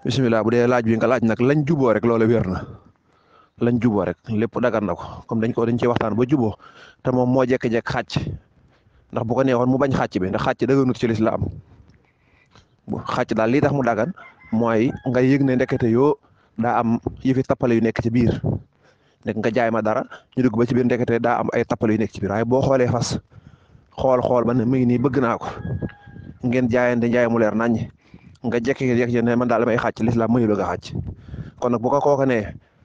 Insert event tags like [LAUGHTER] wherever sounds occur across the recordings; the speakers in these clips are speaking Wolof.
bisimilah bu dee laaj bi nga laaj nag lañ juboo rek loola wér na lañ juboo rek lépp dagan na ko comme dañ ko dañ cee waxtaan ba juboo te moom moo jekk-jekk xàcc ndax bu ko neexoon mu bañ xàcc bi ndax xàcc daganut ci lislaam bu xàcc daal li tax mu dagan mooy nga yëg ne ndekete yoo daa am yëfi tappale yu nekk ci biir nekk nga jaay ma dara ñu dugg ba ci biir ndekete daa am ay tappale yu nekk ci biir waaye boo xoolee fas xool xool ba ne mi ngi nii bëgg naa ko ngeen jaayante njaay mu leer naññ nga jékki-jékki ne man daal damay xàcc lislaam mënu la nga xàcc kon nag bu ko kooka ne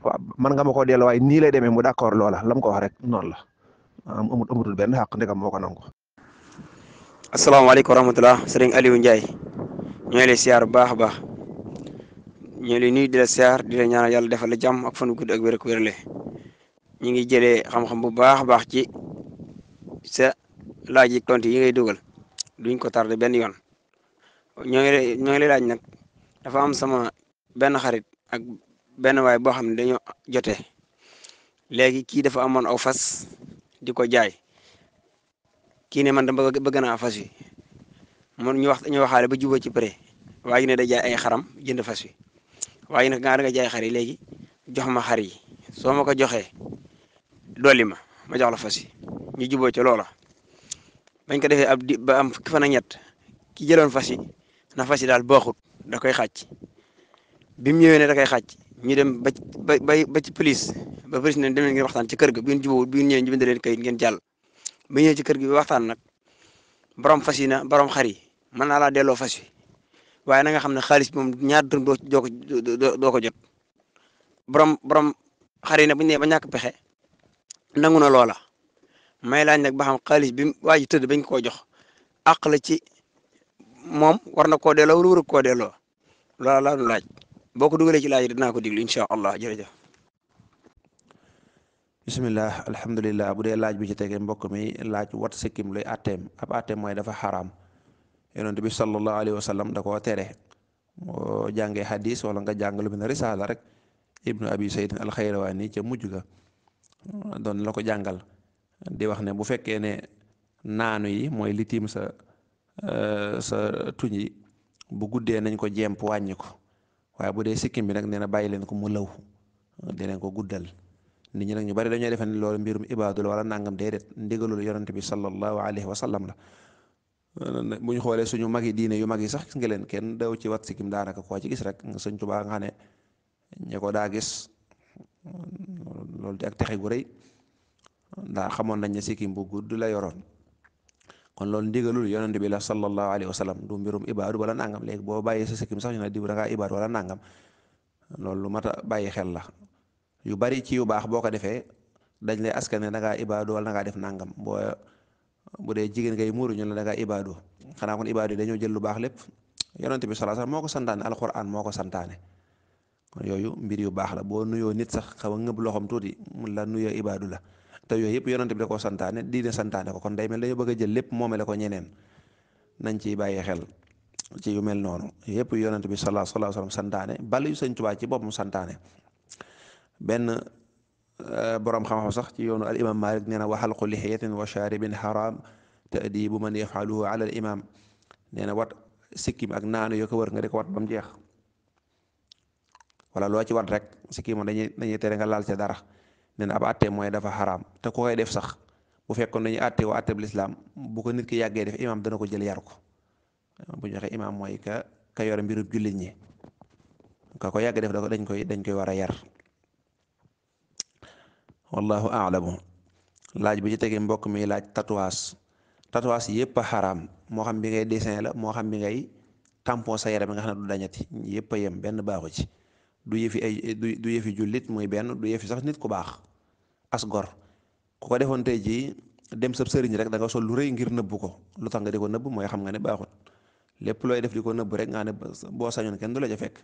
waaw man nga ma koo delloo waaye nii lay demee mu d'accord loola lam ko wax rek noonu la am amut amutul benn xàq ndegam moo ko nangu. asalaamaaleykum wa rahmatulah sëriñ Aliou Ndiaye ñoo lay siyaar bu baax a baax ñoo lay nuyu di la siyaar di la yàlla defal la jàmm ak fan gudd ak wér ak wérle ñu ngi jëlee xam-xam bu baax a baax ci sa laaj yi tontu yi ngay dugal duñ ko tardé benn yoon. ñoo ngi lay ñoo nag dafa am sama benn xarit ak benn waay boo xam ne dañoo jotee léegi kii dafa amoon aw fas di ko jaay kii ne man dama bëgg naa fas wi man ñu wax ñu waxaale ba juboo ci pré waa ne da jaay ay xaram jënd fas wi waa ji nag nga nga jaay xar léegi jox ma xar yi soo ma ko joxee dolli ma ma joxla fas yi ñu jubóo ci loola bañ ko defee ab am fukki fan ak ñett ki jëloon fas yi nafas yi daal baaxut da koy xàcc bi mu ñëwee ne da koy xàcc ñu dem ba ba ba ci police ba police ne dem leen ngeen waxtaan ci kër ga bi ngeen jubóo bi ngeen ñëwee ñu bind leen ngeen jàll ba ñëwee ci kër gi waxtaan nag borom fas yi na borom xar yi mën naa laa delloo fas yi waaye nanga xam ne xaalis bi moom ñaar dërëm doo doo ko doo ko jot borom borom xar yi nag bu ñu nee ba ñàkk pexe nangu na loola may laaj nag ba xam xaalis bi waa ji tëdd bañ koo jox àq la ci moom war na koo delloo wala warul koo laa laaj boo ko dugalee ci laaj naa ko diglu incha allah jërëjëf. bisimilah alhamdulilah bu dee laaj bi ci tege mbokk mi laaj wat sikkim luy atteem ab atteem mooy dafa xaraam yonent bi sallallahu alayhi wa sallam tere moo jàngee hadis wala nga jàng lu mel rek ibnu abi sayd alxayrawaani ca mujj ga doon la ko jàngal di ne bu fekkee ne naanu yi mooy li sa. Euh, sa tuñ yi bu guddee nañ ko jemp wàññi ko waaye bu dee sikkim bi nag nee na bàyyi leen ko mu law dinañ ko guddal nit ñi nag ñu bari dañoo defe ne loolu mbirum ibaadul wala nangam déedéet ndigalul yonante bi sallallahu alayhi wa sallam la bu ñu xoolee suñu mag yi diine yu mag yi sax gis nga leen kenn daw ci wat sikim daanaka koo ci gis rek sëñ Tuubaa nga xam ne ña ko daa gis loolu di ak texe gu rëy ndaa xamoon nañ ne sikkim bu gudd la yoroon kon loolu ndigalul yonent bi la sallallahu alayhi wa sallam du mbirum ibaadu wala nangam léegi boo bàyyee sa sikkim sax ñu ne diw da ngaa ibaadu wala nangam loolu lu mat a bàyyi xel la yu bari ci yu baax boo ko defee dañu lay askan ne da ngaa ibaadu wala da def nangam boo bu dee jigéen ngay muuru ñu ne da ngaa xanaa kon ibaadu yi dañoo jël lu baax lépp yonent bi sallallahu alayhi moo ko santaane alquran moo ko santaane yooyu mbir yu baax la boo nuyoo nit sax xaw a ngëb tuuti mun la nuyoo ibaadu la te yooyu yëpp yonent bi da koo santaane diine santaane ko kon day mel dañoo bëgg a jël lépp moomele ko ñeneen nañ ciy bàyyi xel ci yu mel noonu yëpp yonent bi sallallahu alayhi wasallam santaane bala yu sëñ Tuubaa ci boppam santaane benn euh, borom xam-xam sax ci yoonu al imam Malik nee na wa halqu lihiyatin wa sharibin haram ta'dibu man yaf'aluhu ala al imam nee wat sikkim ak naanu yoo ko wër nga di ko wat ba jeex wala loo ci wat rek sikkim dañuy dañuy tere nga laal ca dara nee na ab àtte mooy dafa xaram te ku koy def sax bu fekkoon dañuy àtte woo àtte bu lislaam bu ko nit ki yàggee def imaam dana ko jël yar ko bu ñu waxee mooy ka ka yor mbirub jullit ñi ka ko yàgg def da dañ koy dañ koy war a yar wallahu alamu laaj bi ci tege mbokk mi laaj tatouage tatouage yëpp a xaraam moo xam bi ngay dessin la moo xam bi ngay tampon sa yaram bi nga xam ne du dañati yëpp a yem benn baaxu ci du yëfi ay du yëfi jullit muy benn du yëfi sax nit ku baax as gor ku ko defoon tey jii dem sab sëriñ rek danga sol lu rëy ngir nëbbu ko lu tax nga di ko nëbb mooy xam nga ne baaxul lépp looy def di ko nëbb rek nga ne boo sañoon kenn du la ca fekk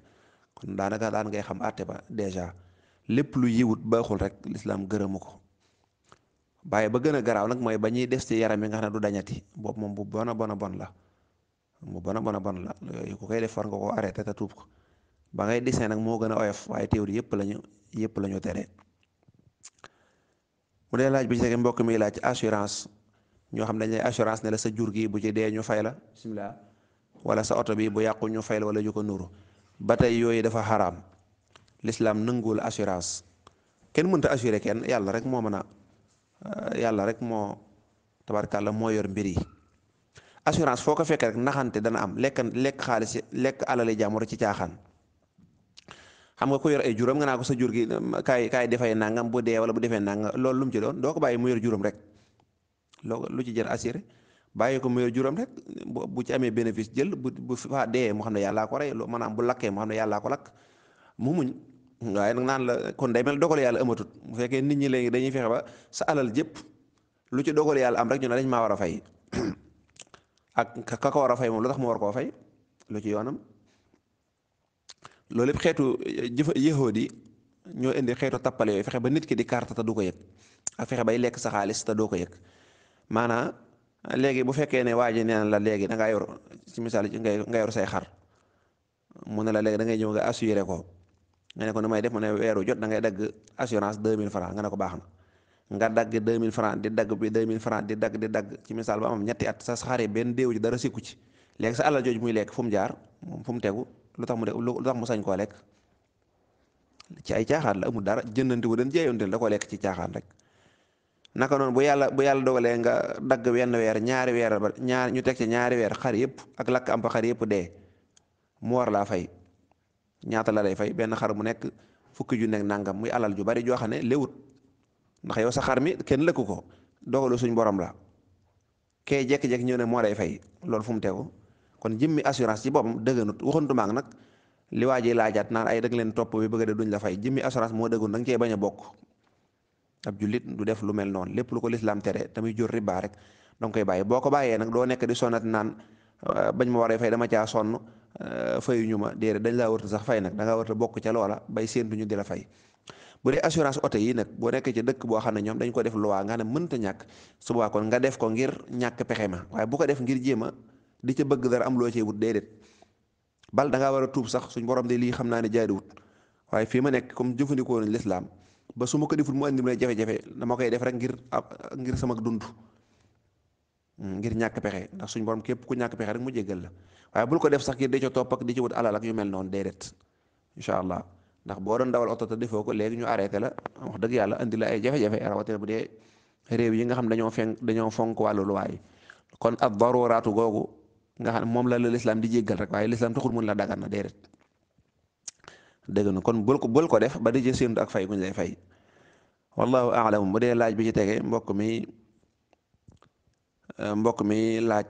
kon ngay xam àtte ba dèjà lépp lu yiwut baaxul rek lislaam gërëmu ko waaye ba gën a garaaw nag mooy ba ñuy des ci yaram yi nga xam ne du dañati boobu moom bu bona bona bon la mu bona bona bon la yooyu ku koy def far nga koo arrêté te tuub ba ngay dessin nag moo gën a oyof waaye théorie yëpp lañu yëpp lañu tere mu dee laaj bi ci tege mbokk mi laaj assurance ñoo xam dañ lay assurance ne la sa jur gi bu ci dee ñu fay la bismillah wala sa oto bi bu yàqu ñu fay la wala ju ko nuru ba tey yooyu dafa xaraam lislaam nanguwul assurance kenn mënta assuré kenn yàlla rek moo mën a euh, yàlla rek moo tabarkàlla moo yor mbir yi assurance foo ko fekkee rek naxante dana am lekk lekk xaalis lekk alali jàmbur ci caaxaan xam nga ku yor ay juróom nga naa ko sa jur gi kaay kaay defay nangam bu dee wala bu defee nangam loolu lu mu ci doon doo ko bàyyi mu yor juróom rek loo lu ci jël assuré bàyyi ko mu yor juróom rek bu ci amee bénéfice jël bu bu fa dee mu xam ne yàllaa ko rey maanaam bu lakkee mu xam ne yàllaa ko lakk mu muñ waaye naan la kon day mel dogal yàlla amatut bu fekkee nit ñi léegi dañuy fexe ba sa alal jëpp lu ci dogal yàlla am rek ñu ne dañ ma war a fay [CLEARS THROAT] ak ka ko war a fay moom lu tax mu war koo fay lu ci yoonam. loolu yëpp xeetu eh, jëfa yahud yi ñoo indi xeetu tappale yooyu fexe ba nit ki di carte te du ko yëg ak fexe bay lekk sa xaalis te doo ko yëg maanaam léegi bu fekkee ne waa ji nee na la léegi da ngaa yor ci misaal ngay nga yor say xar mu ne la léegi da ngay ñëw nga assuré ko nga ne ko nu may def mu da ngay dagg assurance 2000 francs nga ne ko baax na nga dagg 2000 francs di dagg bi 2000 francs di dagg di dagg ci misaal ba am ñetti at sa xare benn déewu ci dara sikku ci léegi sa alal jooju muy lekk fu mu jaar fu mu tegu lu tax mu de lu mu sañ koo lekk ci ay caaxaan la amul dara jëndanti wu den jaayoon da koo lekk ci caaxaan rek naka noonu bu yàlla bu yàlla dogalee nga dagg wenn weer ñaari weer ba ñaar ñu teg ci ñaari weer xar yëpp ak lakk am fa xar yëpp dee mu war laa fay ñaata la lay fay benn xar mu nekk fukki ju nekk nangam muy alal ju bari joo xam ne léwut ndax yow sa xar mi kenn lëkku ko dogalu suñ borom la kee jekki-jekki ñëw ne moo lay fay loolu fu mu tegu kon jëmmi assurance ci boppam dëgganut waxantuma ak nag li waa ji laajaat naan ay dëgg leen topp bi bëgg de duñ la fay jëmmi assurance moo dëggun da nga cee bañ a bokk du def lu mel noonu lépp lu ko lislaam tere tamit jur riba rek danga koy bàyyi boo ko bàyyee nag doo nekk di sonat naan ah, bañ ma waree fay dama caa sonn ah, fayuñu ma déedéet dañ laa warta sax fay nag da ngaa warta bokk ca loola bay séentuñu di la fay bu dee assurance oto yi nag boo nekkee ci dëkk boo xam ne ñoom dañ ko def luwaa nga ne mënta ñàkk suba kon nga def ko ngir ñàkk pexe ma waaye bu ko def ngir jéem a di ca bëgg dara am loo cee wut déedéet bal da ngaa war a tuub sax suñ borom de lii xam naa ne jaaduwut waaye fii ma nekk comme jëfandikoo nañ lislaam ba su ma ko deful mu andi dama koy def rek ngir ngir sama dund hmm, ngir ñàkk pexe ndax suñ borom képp ku ñàkk pexe rek mu jéggal la waaye bul ko def sax ngir di ca topp ak di ca wut alal ak yu mel noonu déedéet incha allah ndax boo doon dawal oto te defoo ko léegi ñu arrêté la wax dëgg yàlla andi la ay jafe-jafe rawatina bu dee réew yi nga xam dañoo fenk dañoo fonk wàllu luwaay kon nga xam ne moom la la lislaam di jéggal rek waaye lislaam taxul mun la dagan na déedéet dégg na kon bul ko bul ko def ba di ci séentu ak fay guñ lay fay wallahu aalam bu laaj bi ci tege mbokk mi euh, mbokk mi laaj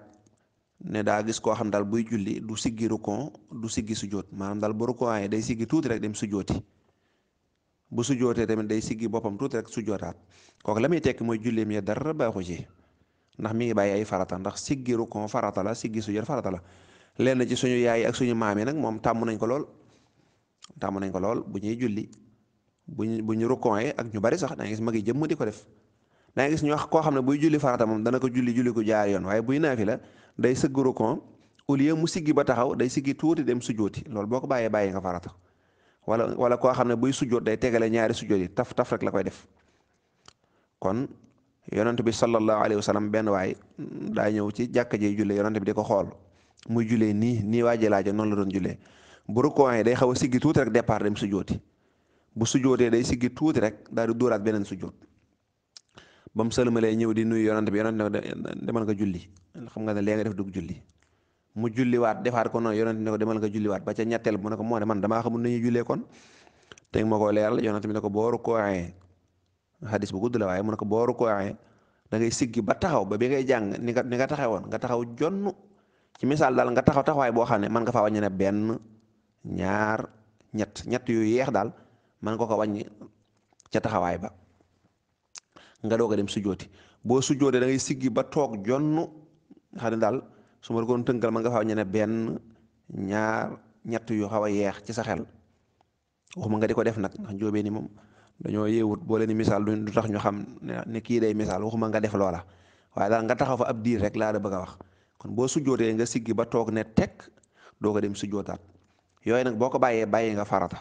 ne daa gis koo xam daal buy julli du siggi rukon du siggi sujjóot maanaam daal bu rukon ay day siggi tuuti rek dem sujjóoti bu sujjóotee tamit day siggi boppam tuuti rek sujjóotaat kook la muy tekki mooy julleem ya dara baaxu ci ndax mi ngi bàyyi ay farata ndax siggi rukon farata la siggi sujjóot farata la lenn ci suñu yaay ak suñu maam yi nag moom tàmm nañ ko lool tàmm nañ ko lool bu ñuy julli buñ bu ñu rukon ak ñu bari sax da nga gis mag yi jëmm di ko def da nga gis ñu wax koo xam ne buy julli farata moom dana ko julli julli ko jaar yoon waaye buy naafi la day sëgg rukon au lieu mu siggi ba taxaw day siggi tuuti dem sujjóoti loolu boo ko bàyyee bàyyi nga farata wala wala koo xam ne buy sujjóot day tegale ñaari sujjóot yi taf taf rek la koy def yonent bi sallallahu alayhi wa sallam benn waay daa ñëw ci jàkka ji jullee yonent bi di ko xool mu jullee nii nii waa jëlaajo noonu la doon jullee bu rukkoo yi day xaw a siggi tuuti rek départ dem sujooti bu sujootee day siggi tuuti rek daal di dóoraat beneen sujoot ba mu sëlmalee ñëw di nuyu yonent bi yonent demal nga julli xam nga ne léegi nga def dugg mu julliwaat defaat ko noonu yonent bi ne ko demal nga julliwaat ba ca ñetteel mu ne ko moo ne man damaa xamul nañu jullee kon teg ma ko leeral yonent bi ne ko boo rukkoo xadis bu gudd la waaye mu ne ko boo rukkooxee da ngay siggi ba taxaw ba bi ngay jàng ni nga ni nga taxawoon nga taxaw jonn ci misaal daal nga taxaw taxawaay boo xam ne mën nga faa wàññi ne benn ñaar ñett ñett yu yeex daal mën nga ko wàññi ca taxawaay ba nga doog a dem sujjooti boo sujjootee da ngay siggi ba toog jonn xam ne daal su ma la doon nga faa wàññi benn ñaar ñett yu xaw a yeex ci sa xel waxuma nga di ko def nag ndax njóobee ni moom. dañoo yeewut boo leen misaal du tax ñu xam ne kii day misaal waxuma nga def loola waaye daal nga taxaw fa ab diir rek laa da bëgg a wax kon boo sujjootee nga siggi ba toog ne tekk doo ko dem sujjootaat yooyu nag boo ko bàyyee bàyyi nga farata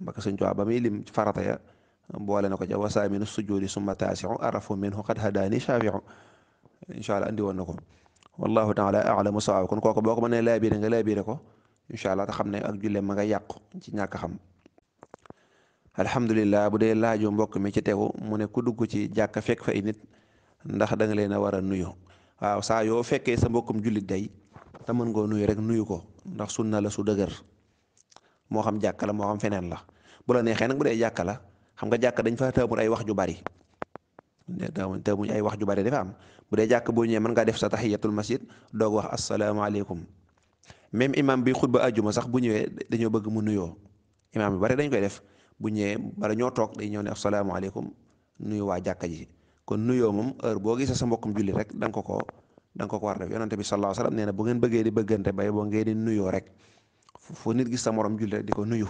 mbaka Sëñ Tuubaa ba muy lim farata ya boole na ko ca wasaaminu sujjoodi summa taasiu arafu minhu qad hadaani shafiu incha allah andi woon na ko wallahu a alamu sawaab kon kooku boo ko mënee laabiire nga laabiire ko incha allah xam ne ak julle ma nga yàqu ci ñàkk xam alhamdulilah bu dee laaju mbokk mi ci tegu mu ne ku dugg ci jàkka fekk fa ay nit ndax danga leen a war a nuyu waaw saa yoo fekkee sa mbokkum jullit day te mën ngoo nuyu rek nuyu ko ndax sunna la su dëgër moo xam jàkka la moo xam feneen la bu la neexee nag bu dee jàkka la xam nga jàkka dañ fa taamul ay wax ju bari taamuñ ay wax ju bari dafa am bu dee jàkka boo ñëwee mën ngaa def sa tahiyatul masjid doog wax asalaamaaleykum même imam bi xutba ajuma sax bu ñëwee dañoo bëgg mu nuyoo imam bi bari dañ koy def bu ñëwee bala ñoo toog day ñëw ne asalaamaaleykum nuyu waa jàkka ji kon nuyoo moom heure boo gisee sa mbokkum julli rek da nga ko ko da ko ko war def yonante bi sallallahu alayhi wasallam nee na bu ngeen bëggee di bëggante bay boo ngeen di nuyoo rek fu nit gis sa moroom julli rek di ko nuyu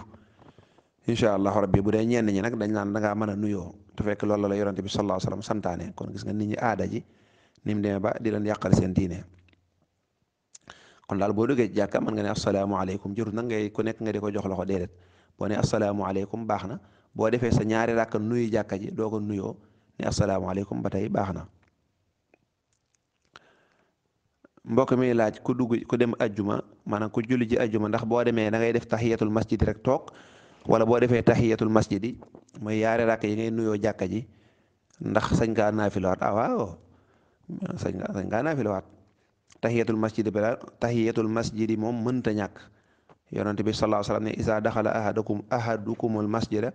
incha allahu rabbi bu dee ñenn ñi nag dañ naan da ngaa mën nuyoo te fekk lool la yonante bi sallallahu alayhi wasallam santaane kon gis nga nit ñi aada ji ni mu demee ba di leen yàqal seen diine kon daal boo duggee jàkka mën nga ne asalaamaaleykum jërut nag ngay ku nekk nga di ko jox loxo déedéet boo ne asalaamaaleykum baax na boo defee sa ñaari rakk nuyu jàkka ji doo ko nuyoo ne asalaamaaleykum ba tey baax na mbokk mi laaj ku dugg ku dem ajjuma maanaam ku julli ji ajjuma ndax boo demee da ngay def tahiyatul masjid rek toog wala boo defee tahiyatul masjid yi mooy yaari rakk yi ngay nuyoo jàkka ji ndax sañ kaa naafilawaat ah waaw sañ kaa naafilawaat tahiyatul masjid bi la tahiyatul masjid yi moom mënta ñàkk yonent bi sallallahu alayhi wa ne isa daxala ahadukum ahadukumul masjida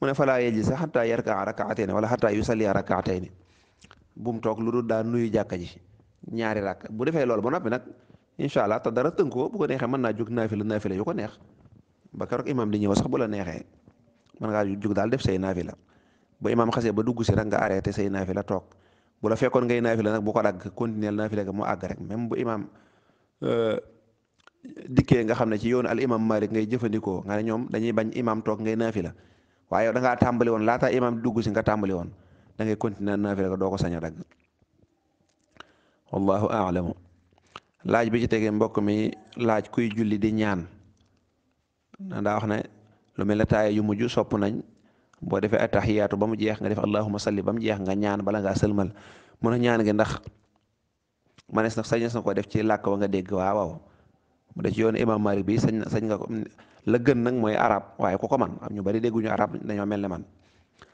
mu ne falaa yejlisa xataa yarkaa rakaatayni wala xataa yusalliya rakaatayni bu mu toog lu dul daa nuyu jàkka ji ñaari rakk bu defee loolu ba noppi nag incha allah te dara tënkoo bu ko neexee mën naa jóg naafila naafila yu ko neex ba keroog imam di ñëw sax bu la neexee mën ngaa jóg daal def say naafila boo imam xasee ba dugg si rek nga arrêté say naafila toog bu la fekkoon ngay naafila nag bu ko dagg continuer naafila ga mu àgg rek même bu imam euh, dikkee nga xam ne ci yoon al imam malik ngay jëfandikoo nga ne ñoom dañuy bañ imam toog ngay naafila waaye yow da ngaa tàmbali woon laataa imam dugg si nga tàmbali woon da ngay continuer naafila a dagg wallahu aalamu laaj bi ci tegee mbokk mi laaj kuy julli di ñaan na daa mel ne taaya yu mujj sopp nañ boo defee ataxiyaatu ba mu jeex nga def allahuma salli ba mu jeex nga ñaan bala ngaa sëlmal mën ñaan gi ndax manees na sañes na ko def ci làkk wa nga dégg waaw waaw mu de ci yoon imam Malik bi sañ sañ nga ko la gën nag mooy arab waaye ku ko man am ñu bari dégguñu arab dañoo mel ne man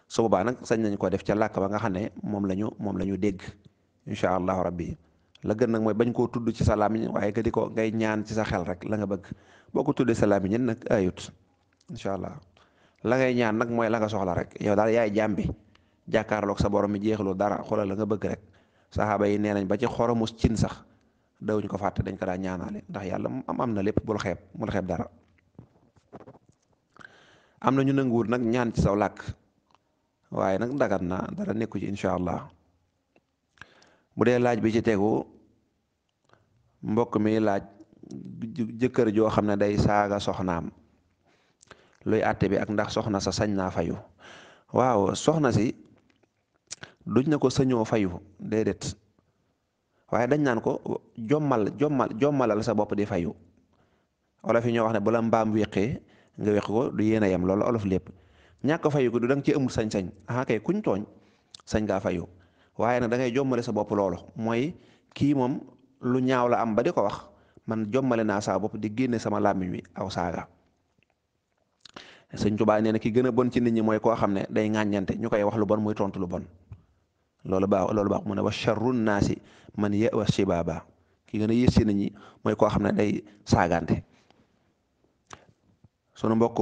su nag sañ nañ ko def ca làkk ba nga xam ne moom la ñu moom la ñu dégg incha allahu rabbi la gën nag mooy bañ koo tudd ci sa làmmiñ waaye nga ngay ñaan ci sa xel la nga bëgg boo ko tuddee sa làmmiñ nag ayut incha allah la ngay ñaan nag mooy la nga soxla rek yow daal yaay jàmbi jàkkaarloog sa borom mi jeexloo dara xoolal la nga bëgg rek saxaaba yi nee nañ ba ci xoromus cin sax dawuñ ko fàtte dañ ko daa ñaanale ndax yàlla mu am am na lépp bul xeeb bul xeeb dara am na ñu nanguwul nag ñaan ci saw làkk waaye nag dagat na dara nekku ci incha allah mu dee laaj bi ci tegu mbokk mi laaj jëkkër joo xam ne day saaga soxnaam luy atte bi ak ndax soxna sa sañ naa fayu waaw soxna si duñ na ko sañoo fayu déedéet waaye dañ naan ko jommal jommal jommalal sa bopp di fayu olof yi ñoo wax ne bala mbaam wéqee nga wéq ko du yéen a yem loolu olof lépp ñàkk fayu ko du da nga amul sañ-sañ ah kay kuñ tooñ sañ ngaa fayu waaye nag da jommale sa bopp loolu mooy kii moom lu ñaaw la am ba di ko wax man jommale naa saa bopp di génne sama làmmiñ wi aw saaga sëñ Tuubaa nee na ki gën a bon ci nit ñi mooy koo xam ne day ŋàññante ñu koy wax lu bon muy tontu lu bon loolu baax loolu baax mu ne wa charru naasi man ya wa shibaaba ki gën a yées si nit ñi mooy koo xam ne day saagante sunu mbokk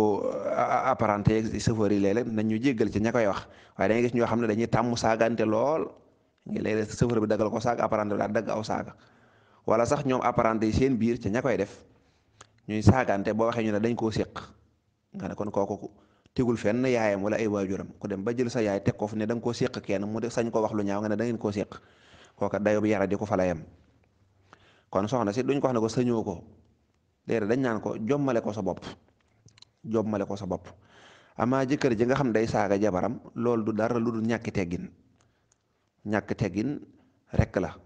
apparenté chauffeur yi léeg-léeg nañ ñu jéggal ci ña koy wax waaye dañuy gis ñoo xam ne dañuy tàmm saagante lool ngi léeg ko saaga apparenté bi dagg aw saaga wala sax ñoom apparenté yi seen biir ci ña koy def ñuy saagante boo waxee ñu ne dañ koo séq nga ne kon kooku tegul fenn yaayam wala ay waajuram ku dem ba jël sa yaay teg ko fu ne da nga koo séq kenn mu de sañ ko wax lu ñaaw nga ne da ngeen koo séq kooka dayob yara di ko fa la kon soxna si duñ ko wax ne ko sañoo ko déedéet dañ naan ko jommale ko sa bopp jommale ko sa bopp amaa jëkkër ji nga xam day saaga jabaram loolu du dara lu dul ñàkki teggin ñàkk teggin rekk la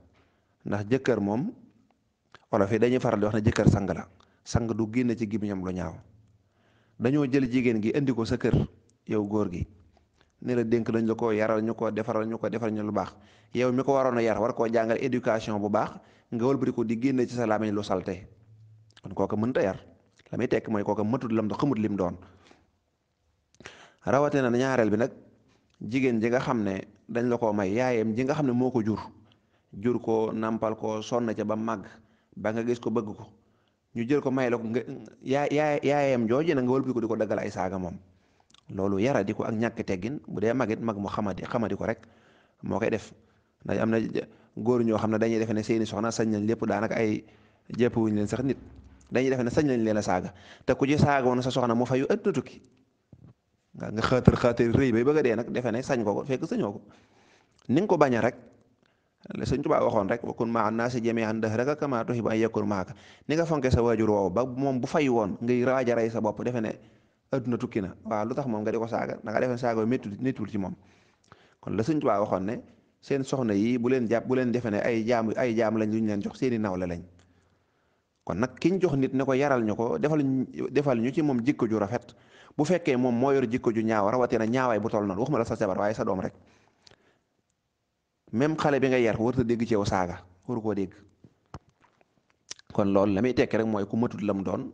ndax jëkkër moom wala fii dañuy faral di wax ne jëkkër sang la sang du génn ci gémmiñam lu ñaaw dañoo jël jigéen gi indi ko sa kër yow góor gi ne la dénk dañu la ko yaral ñu ko defaral ñu ko defal ñu lu baax yow mi ko waroon a yar war koo jàngal éducation bu baax nga wëlbati ko di génne ci sa làmmiñ lu salte kon kooka mënta yar la muy tekk mooy kooka matut lam xamut lim doon rawatina ñaareel bi nag jigéen ji nga xam ne dañ la ko may yaayam ji nga xam ne moo ko jur jur ko nàmpal ko sonn ca ba màgg ba nga gis ko bëgg ko ñu jël ko may la ko nga yaa yaa yaayam jooju na nga wëlbati ko di ko daggal ay saaga moom loolu yara di ko ak ñàkk teggin bu dee magit mag moo xamadi xamadi ko rek moo koy def ndax am na góor ñoo xam ne dañuy defe ne seeni soxna sañ nañ lépp daanaka ay jëppewuñ leen sax nit dañuy defe ne sañ lañ leen a saaga te ku ci saaga woon sa soxna moo fayu ëtt tukki nga xaatar xaatar rëy bay bëgg a dee nag defe ne sañ ko ko fekk sañoo ko ni ko bañ a rek la sëñ Tuubaa waxoon rek wa kun maa naasi jamii'an dahraka kamaa tuhibbu an yakun maaka ni nga fonke sa waajur woowu ba moom bu fay woon ngay raaj a rey sa bopp defe ne adduna tukki na waaw lu tax moom nga di ko saaga da nga defe ne saaga méttul méttul ci moom kon la sëñ Tuubaa waxoon ne seen soxna yi bu leen jàpp bu leen defe ne ay jaam ay jaam lañ lu ñu leen jox seeni nawle lañ kon nag ki ñu jox nit ne ko yaral ñu ko defal defal ñu ci moom jikko ju rafet bu fekkee moom moo yor jikko ju ñaaw rawatina ñaawaay bu toll noonu waxuma la sa jabar waaye sa doom rek même xale bi nga yar war a dégg ci saaga waru koo dégg kon loolu la muy tekki rek mooy ku matut la mu doon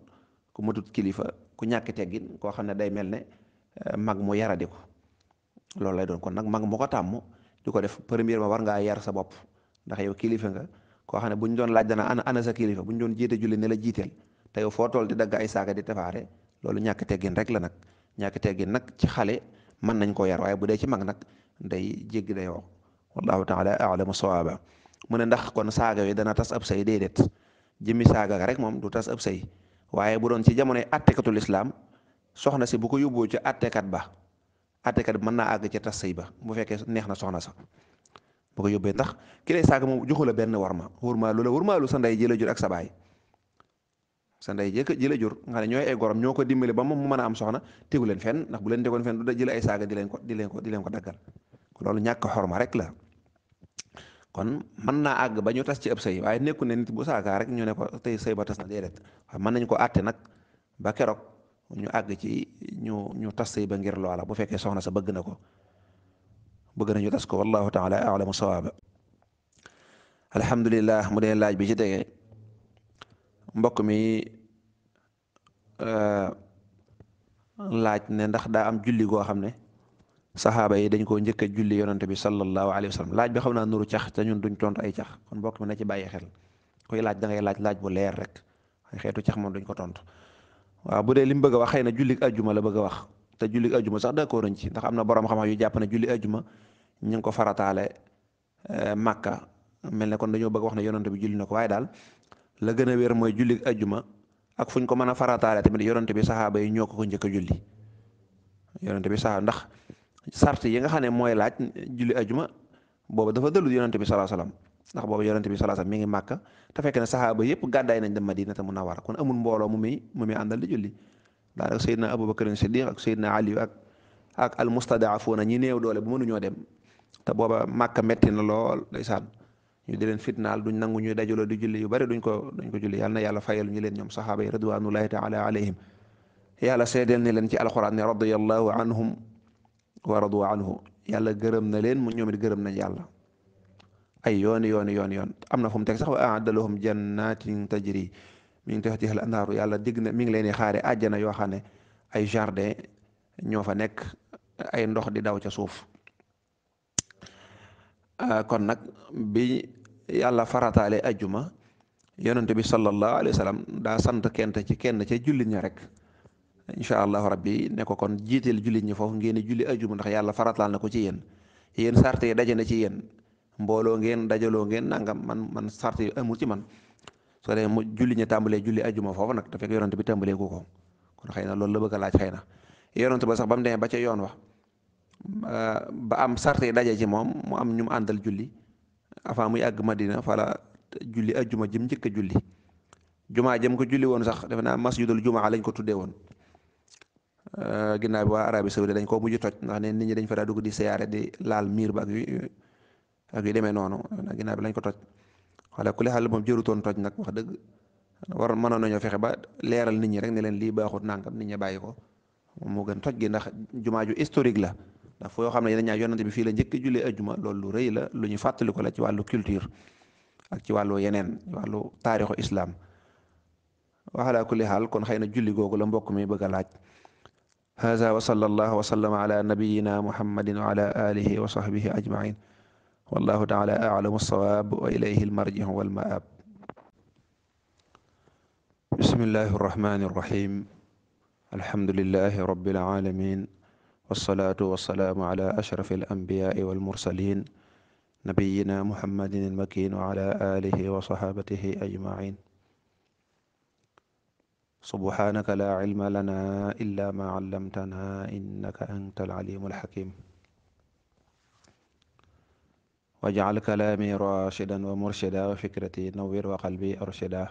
ku matut kilifa ku ñàkk teggin koo xam ne day mel ne eh, mag mu yaradi ko loolu lay doon kon nag mag mu ko tàmm di ko def premièrement war ngaa yar sa bopp ndax yow kilifa nga koo xam ne bu doon laaj dana ana ana sa kilifa bu ñu doon jiite julli ne la jiiteel te yow foo toll di dagg ay saaga di tafaare loolu ñàkk teggin rek la nag ñàkk teggin nag ci xale mën nañ koo yar waaye bu dee ci mag nag day jéggi dayoo. wallahu taala alamu sawaaba mu ne ndax kon saaga wi dana tas ab sëy déedéet jëmmi saaga rek moom du tas ab say waaye bu doon ci jamonoy attekatul islaam soxna si bu ko yóbboo ci attekat ba attekat mën naa àgg ci tas sëy ba bu fekkee neex na soxna sa bu ko yóbbee ndax ki lay saaga moom joxu la benn warma wurmaa lu la wurmaa lu sa ndey jëla jur ak sa baay sa ndey jëkk jëla jur nga ne ñooy ay gorom ñoo ko dimbali ba moom mu mën a am soxna tegu leen fenn ndax bu leen tegoon fenn du da jël ay saaga di leen ko di leen ko di leen ko daggal loolu ñàkk xorma rek la kon mën naa àgg ba ñu tas ci ab sëy waaye nekku ne nit bu saakaa rek ñu ne ko tey sëy ba tas na déedéet waaye mën nañ ko àtte nag ba keroog ñu àgg ci ñu ñu tas sëy ba ngir loola bu fekkee soxna sa bëgg na ko bëgg nañu tas ko wallahu taala alamu sawaaba alhamdulilah mu dee laaj bi ci tege mbokk mi euh, laaj ne ndax daa am julli goo xam ne saxaaba yi dañ koo njëkk a julli yonante bi sallallahu alayhi wa sallam laaj bi xam naa nuru cax te ñun duñ tontu ay cax kon mbokk mi na ci bàyyi xel kuy laaj da laaj laaj bu leer rek xeetu cax moom duñ ko tontu waaw bu dee li mu bëgg a wax xëy na jullik la bëgg wax te jullik ajjuma sax d'accord nañ ci ndax am na borom xam yu jàpp ne julli ajjuma ñu ngi ko farataale eh, Makka mel ne kon dañoo bëgg wax ne yonante bi julli na ko waaye daal la gën wér mooy jullik ajjuma ak fuñ ko mën a farataale tamit yonante bi saxaaba yi ñoo ko ko njëkk a julli yonante bi sax ndax sart yi nga xam ne mooy laaj julli ajuma boobu dafa dëllu yonente bi salaa salaam ndax boobu yonente bi salaa salaam mi ngi màkka te fekk ne saxaaba yëpp gàddaay nañ dem madina a munawara kon amul mbooloo mu muy mu muy àndal di julli daanaka Seydina Abubakar Siddiq ak Seydina Ali ak ak al mustadaafuuna ñi néew doole bu mënuñoo dem te booba màkka metti na lool ndeysaan ñu di leen fitnaal duñ nangu ñuy dajaloo di julli yu bari duñ ko duñ ko julli yàlla na yàlla fayal ñu leen ñoom saxaaba yi radwanullahi taala alayhim yàlla seedeel ni leen ci alquran ne radiyallahu anhum wa radu anhu yàlla gërëm na leen mu ñoom gërëm na yàlla ay yoon yoon yoon yoon am na fu mu teg sax wa aadalahum jannatin tajri min tahtiha al anhaaru yàlla digg na mi ngi leen di xaare àjjana yoo xam ne ay jardin ñoo fa nekk ay ndox di daw ca suuf ah, kon nag bi yàlla farataale ajjuma yonent bi sallallahu alayhi wa daa sant kent ci kenn ca jullit ña rek incha allahu rabbi ne ko kon jiiteel jullit ñi foofu ngeen julli ajuma ndax yàlla farataal na ko ci yéen yéen sart yi daje na ci yéen mbooloo ngeen dajaloo ngeen nangam man man sart yi amul ci man soo dee mu julli ñi tàmbalee julli ajuma foofu nag te fekk bi tàmbalee ko ko kon xëy na loolu la bëgg a laaj xëy na yonent ba sax ba mu demee ba ca yoon wax ah, ba am sart yi moom mu am ñu mu àndal julli avant muy àgg Madina fala julli ajuma jëm njëkka a julli jumaa jëm ko julli woon sax defe naa masjidul jumaa lañ ko tuddee woon Euh, ginnaaw bi waa Arabie Saoudite dañ koo mujj toj ndax ne nit ñi dañ fa daa dugg di siyaare di laal miir ba ak yu ak yu demee noonu ginnaaw bi lañ ko toj wala ku li xal moom jërutoon toj nag wax dëgg war mënoon nañoo fexe ba leeral nit ñi rek ne leen lii baaxut nangam nit ñi bàyyi ko moo gën toj gi ndax jumaa ju historique la ndax foo xam ne yéen ñaa yonante bi fii la njëkk a jullee ajjuma loolu lu rëy la lu ñu fàttaliku la ci wàllu culture ak ci wàllu yeneen wàllu taarixu islam waxalaa kulli xaal kon xëy na julli googu la mbokk mi bëgg a laaj hada wa sallallahu wa sallam ala nabiyina muhammadin wa ala alihi wa sahbihi ajmain wallahu taala alamu alsawaab wa ilayhi almarjiu walmaab bismillahi arrahmani irrahim alhamdulilahi rabbil alamin wasalaatu wasalaamu ala ashrafi alambiyaai walmursalin nabiyina muhammadin almakin wa ala alihi wa sahabatihi ajmain subhaanaka laa cilma lanaa illaa maa callamtanaa innaka anta alcaliimu alxakiim wajcal kalaami raashidan wa murshida wa fikrati nawwir wa qalbi arshida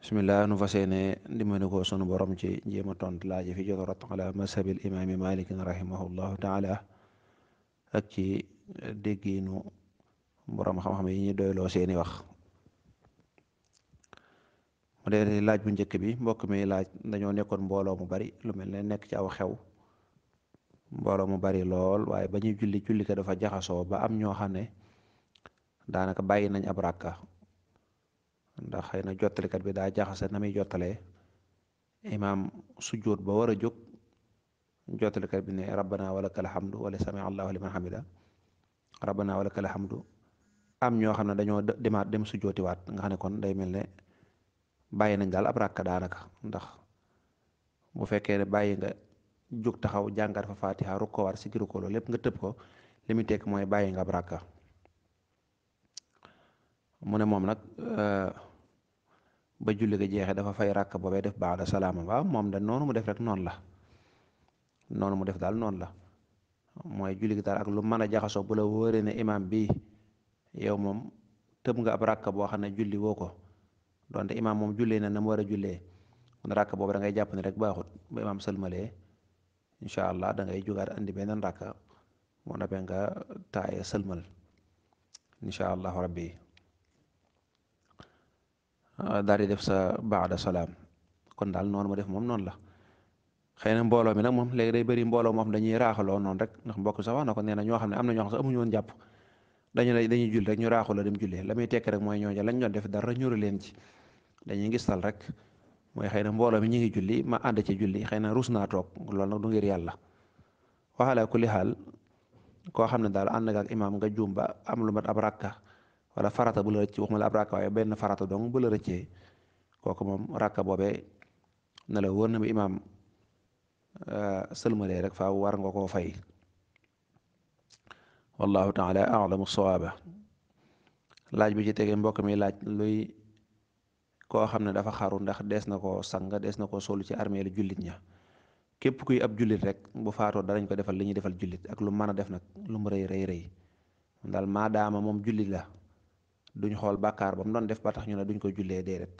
bismillah nu fas yéene dimbali ko sunu borom ci jéem a tontu laaj fi jot rot ala mazhabil imaami Maalik rahimahullahu taala ak ci dégginu borom xam-xam yi ñu doyloo seeni wax mu dee laaj bu njëkk bi mbokk mi laaj dañoo nekkoon mbooloo mu bari lu mel ne nekk ci aw xew mbooloo mu bari lool waaye ba ñuy julli julli ka dafa jaxasoo ba am ñoo xam ne daanaka bàyyi nañ ab ràkka ndax xëy na jottalikat bi daa jaxase na muy jottalee imaam sujjóot ba war a jóg jottalikat bi ne rabbana walakal hamdu wala sami allahu liman hamida rabbana walakal hamdu am ñoo xam ne dañoo demaat dem sujjóotiwaat nga xam ne kon day mel ne bàyyi nañ daal ab rakk daanaka ndax bu fekkee ne bàyyi nga jóg taxaw jàngat fa fatiha rukkoo war sikiru ko loolu lépp nga tëb ko li muy tekk mooy bàyyi nga ab rakk mu ne moom nag euh, ba julli ga jeexee dafa fay rakk boobee def baax da salaama baa moom de noonu mu def rek la noonu mu def daal noonu la mooy julli gi daal ak lu mën a jaxasoo bu la wóoree ne imaam bi yow moom tëb nga ab rakk boo xam ne julli woo ko donte imaam moom jullee na na mu war a jullee kon rakk boobu da ngay jàpp ne rek baaxut ba imaam sëlmalee incha allah da ngay jugaat andi beneen rakk moo noppee nga taaye sëlmal incha allah rabbi ah, daal di def sa baada salaam kon daal noonu ma def moom noonu la xëy na mbooloo mi nag moom léegi day bëri rek ndax mbokk sax wax na ko nee na ñoo xam ne am na ñoo xam sax amuñu woon jàpp dañu dañuy julli rek ñu raaxaloo dem julli la muy tekk rek mooy ñooñu lañ doon def dara ñuru leen ci dañuy sal rek mooy xëy na mbooloo mi ñu ngi julli ma ànd ci julli xëy na ruus naa toog loolu nag du ngir yàlla waxala kulli xaal koo xam ne daal ànd nga ak imaam nga juum am lu mat ab rakka wala farata bu la rëcc waxuma la ab rakka waaye benn farata dong bu la rëccee kooku moom rakka boobee na la wóor na bi imaam euh, sëlmalee rek faaw war nga koo fay wallahu taala alamu sawaaba laaj bi ci tege mbokk mi laaj luy koo xam ne dafa xaru ndax dees na ko sanga dees na ko solu ci armeelu jullit ña képp kuy ab jullit rek bu faatoo danañ ko defal li ñuy defal jullit ak lu man a def nag lu mu rëy rëy rëy daal maadaama moom jullit la duñ xool bakaar ba mu doon def ba ñu ne duñ ko jullee déedéet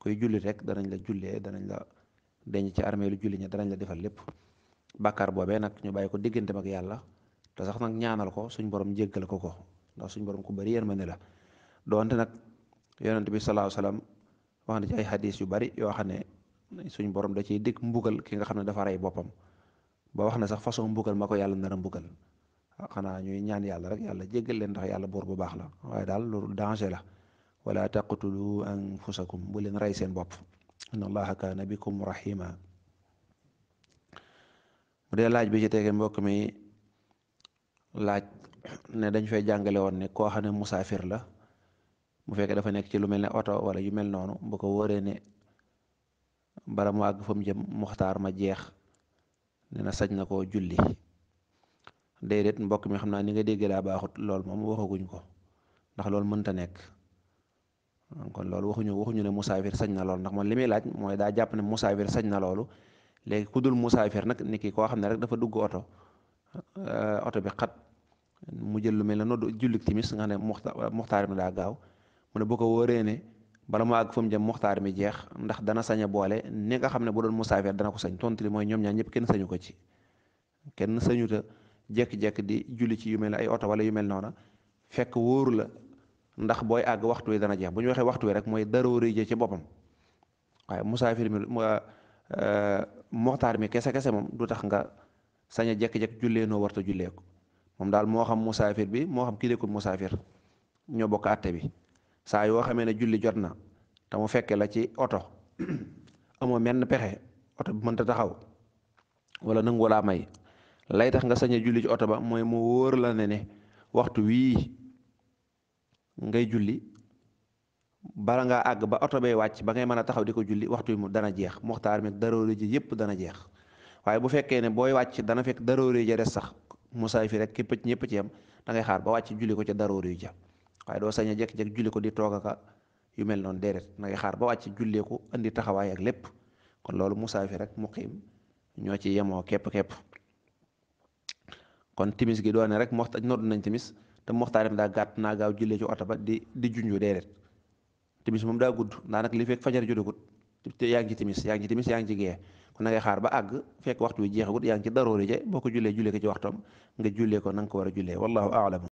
kuy jullit rek danañ la jullee danañ la denc ci armeelu jullit danañ la defal lépp bàkkaar boobee nag ñu bàyyi ko diggante ak yàlla te sax nag ñaanal ko suñ borom jéggal ko ko ndax suñ borom ku bari yërmande la doonte nag yonent bi sallallahu alayhi wax na ci ay xadis yu bari yoo xam ne suñ borom da ciy dikk mbugal ki nga xam ne dafa rey boppam ba wax na sax façon mbugal ma ko yàlla nar a mbugal xanaa ñuy ñaan yàlla rek yàlla jéggal leen ndax yàlla buur bu baax la waaye daal loolu danger la wala taqtulu anfusakum bu leen rey seen bopp inna allaha kaana bikum rahima mu dee laaj bi ci tege mbokk mi laaj ne dañ fay jàngale woon ne koo xam ne musaafir la bu fekkee dafa nekk ci lu mel ne oto wala yu mel noonu bu ko wóoree ne bala mu àgg fa mu jëm muxtaar ma jeex nee na sañ na koo julli déedéet mbokk mi xam naa ni nga dégg laa baaxut lool moom waxaguñ ko ndax loolu mënta nekk kon loolu waxuñu waxuñu ne musaafir sañ na loolu ndax man li muy laaj mooy daa jàpp ne musaafir sañ na loolu léegi ku dul musaafir nag nit ki koo xam ne rek dafa dugg oto euh, oto bi xat mu jël lu mel ne noddu jullik timis nga xam ne muxtaar mi daa gaaw mu ne bu ko wóoree ne bala mu àgg fa mu jëm muxtaar mi jeex ndax dana sañ a boole ni nga xam ne boo doon musaafir dana ko sañ tontu li mooy ñoom ñaar ñëpp kenn sañu ko ci kenn sañuta jekk-jekk di julli ci yu mel ay oto wala yu mel noona fekk wóoru la ndax booy àgg waxtu wi dana jeex bu ñu waxee waxtu wi rek mooy daroori je ci boppam waaye musaafir mi euh, muxtaar mi kese kese moom du tax nga sañ a jekk-jekk jullee noo warta jullee ko moom daal moo xam musaafir bi moo xam kii dekkul musaafir ñoo bokk atte bi saa yoo xamee ne julli jot na te mu fekke la ci oto [CLEARS THROAT] amoo menn pexe oto bi mënta taxaw wala nangu may lay tax nga sañ a julli ci oto ba mooy mu wóor la ne ne waxtu wii ngay julli bala ngaa àgg ba oto bay wàcc ba ngay mën a taxaw di ko julli waxtu mu dana jeex muxtaar mi daroore ji yépp dana jeex waaye bu fekkee ne booy wàcc dana fekk daroore ja des sax musaay fi rek képp ñëpp ci yam da ngay xaar ba wàcc julli ko ca daroore ja waaye doo sañ a jekk-jekk julli ko di toog aka yu mel noonu déedéet na xaar ba wàcc julleeku indi taxawaay ak lépp kon loolu musaafir rek muqiim ñoo ci yemoo képp-képp kon timis gi doone rek moxta nodd nañ timis te moxtaarim daa gàtt naa gaaw jullee ci oto ba di di junju déedéet timis moom daa gudd ndaa nag li fekk fajar judagut yaa ngi ci timis yaa ngi ci timis yaa ngi ci gee kon na ngay xaar ba àgg fekk waxtu wi jeexagut yaa ngi ci daroori je boo ko jullee jullee ko ci waxtoom nga jullee ko na nga ko war a jullee wallahu aalam